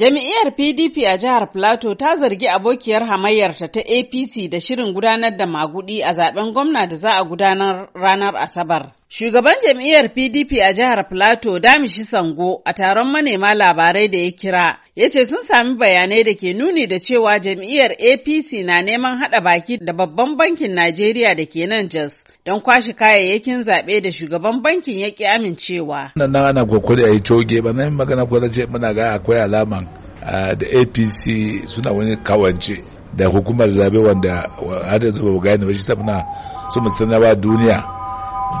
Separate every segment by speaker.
Speaker 1: Jami'iyar PDP a jihar Plateau ta zargi abokiyar hamayyarta ta APC da shirin gudanar da magudi a zaben gwamna da za a gudanar ranar Asabar. Shugaban jam'iyyar PDP a jihar Plateau Damishi Sango a taron manema labarai da ya kira ya ce sun sami bayanai da ke nuni da cewa jam'iyyar APC na neman haɗa baki da babban bankin Najeriya da ke nan JAS, don kwashe kayayyakin zaɓe da shugaban bankin ya ki amincewa.
Speaker 2: Nan ana kokari a yi coge ba nan magana ko ce muna ga akwai alaman da APC suna wani kawance da hukumar zabe wanda har yanzu ba gane ba shi sa muna so mu sanarwa duniya.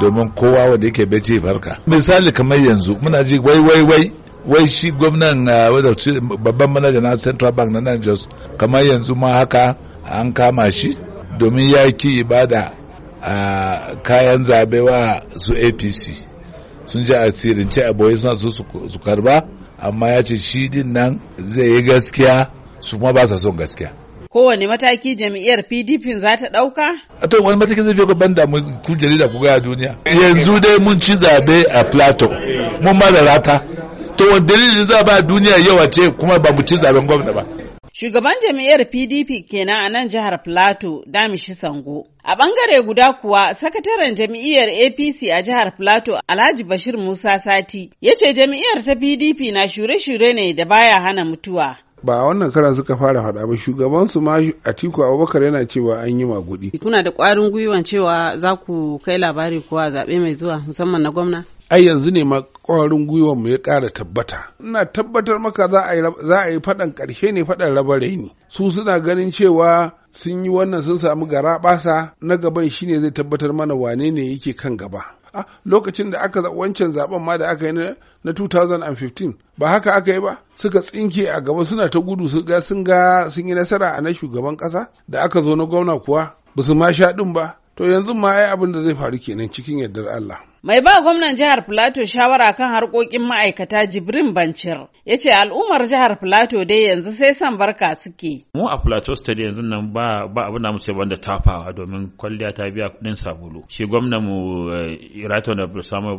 Speaker 2: domin kowa wanda yake bacci farka misali kamar yanzu muna ji wai wai wai wai shi gwamnan ah, babban manaja na central bank na nan jos kamar yanzu ma haka an kama shi domin ya ki ibada a ah, kayan zabe wa su apc sun ji asirin a boye suna so su karba amma ya ce shi din nan zai yi gaskiya su kuma ba sa son gaskiya
Speaker 1: kowane mataki jam'iyyar pdp za ta ɗauka?
Speaker 2: a to wani mataki zai fi ban da mu ku jarida ku gaya duniya yanzu dai mun ci zabe a plateau mun ma da rata to wani dalilin za ba duniya yawa ce kuma ba mu ci zaben gwamna ba
Speaker 1: Shugaban jam'iyyar PDP kenan a nan jihar Plateau, Damishi Sango. A bangare guda kuwa, sakataren jam'iyyar APC a jihar Plateau, Alhaji Bashir Musa Sati, ya ce jam'iyyar ta PDP na shure-shure ne da baya hana mutuwa.
Speaker 3: ba wannan karan suka fara faɗa ba shugaban su ma Atiku Abubakar yana cewa an yi magudi
Speaker 1: kuna da ƙwarin gwiwan cewa za ku kai labari kuwa zaɓe mai zuwa musamman na gwamna
Speaker 3: ai yanzu ne ma ƙwarin gwiwan mu ya ƙara tabbata
Speaker 1: ina tabbatar maka za
Speaker 3: a yi faɗan ƙarshe ne faɗan rabare ne su suna ganin cewa sun yi wannan sun samu gara na gaban shine zai tabbatar mana wane ne yake kan gaba lokacin da aka wancan zaben ma da aka yi na 2015 ba haka aka yi ba suka tsinke a gaba suna ta gudu su ga sun ga sun yi nasara a na shugaban kasa da aka zo na gwamna kuwa ba su ma sha ɗin ba to yanzu ma ai abin da zai faru kenan cikin yardar Allah
Speaker 1: Mai ba gwamnan jihar Filato shawara kan harkokin ma'aikata Jibrin Bancir ya ce al'ummar jihar Filato dai yanzu sai san barka suke.
Speaker 4: Mu a Filato State yanzu nan ba ba abin da muke banda tafawa domin kwalliya ta biya kudin sabulu. Shi gwamnan mu eh, Irato da Samuel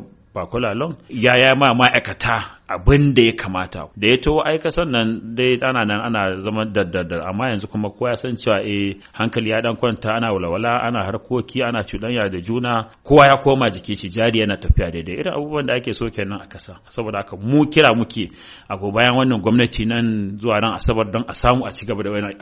Speaker 4: long ya ya ma ma'aikata abin da ya kamata da ya to aika sannan dai ana nan ana zama daddadar amma yanzu kuma kowa san cewa eh hankali ya dan kwanta ana walwala ana harkoki ana cuɗanya da juna kowa ya koma jiki shi jari yana tafiya daidai irin abubuwan da ake so kenan a kasa saboda haka mu kira muke a go bayan wannan gwamnati nan zuwa nan asabar don a samu a ci gaba da wani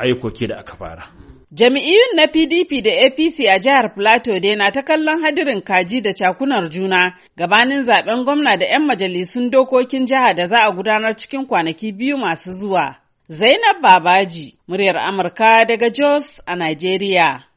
Speaker 4: ayyukoki da aka fara
Speaker 1: Jami'in na PDP da APC a jihar Plateau dai na ta kallon hadirin kaji da cakunar juna gabanin zaben gwamna da 'yan majalisun dokokin jiha da za a gudanar cikin kwanaki biyu masu zuwa. Zainab Babaji, muryar Amurka daga Jos a Najeriya.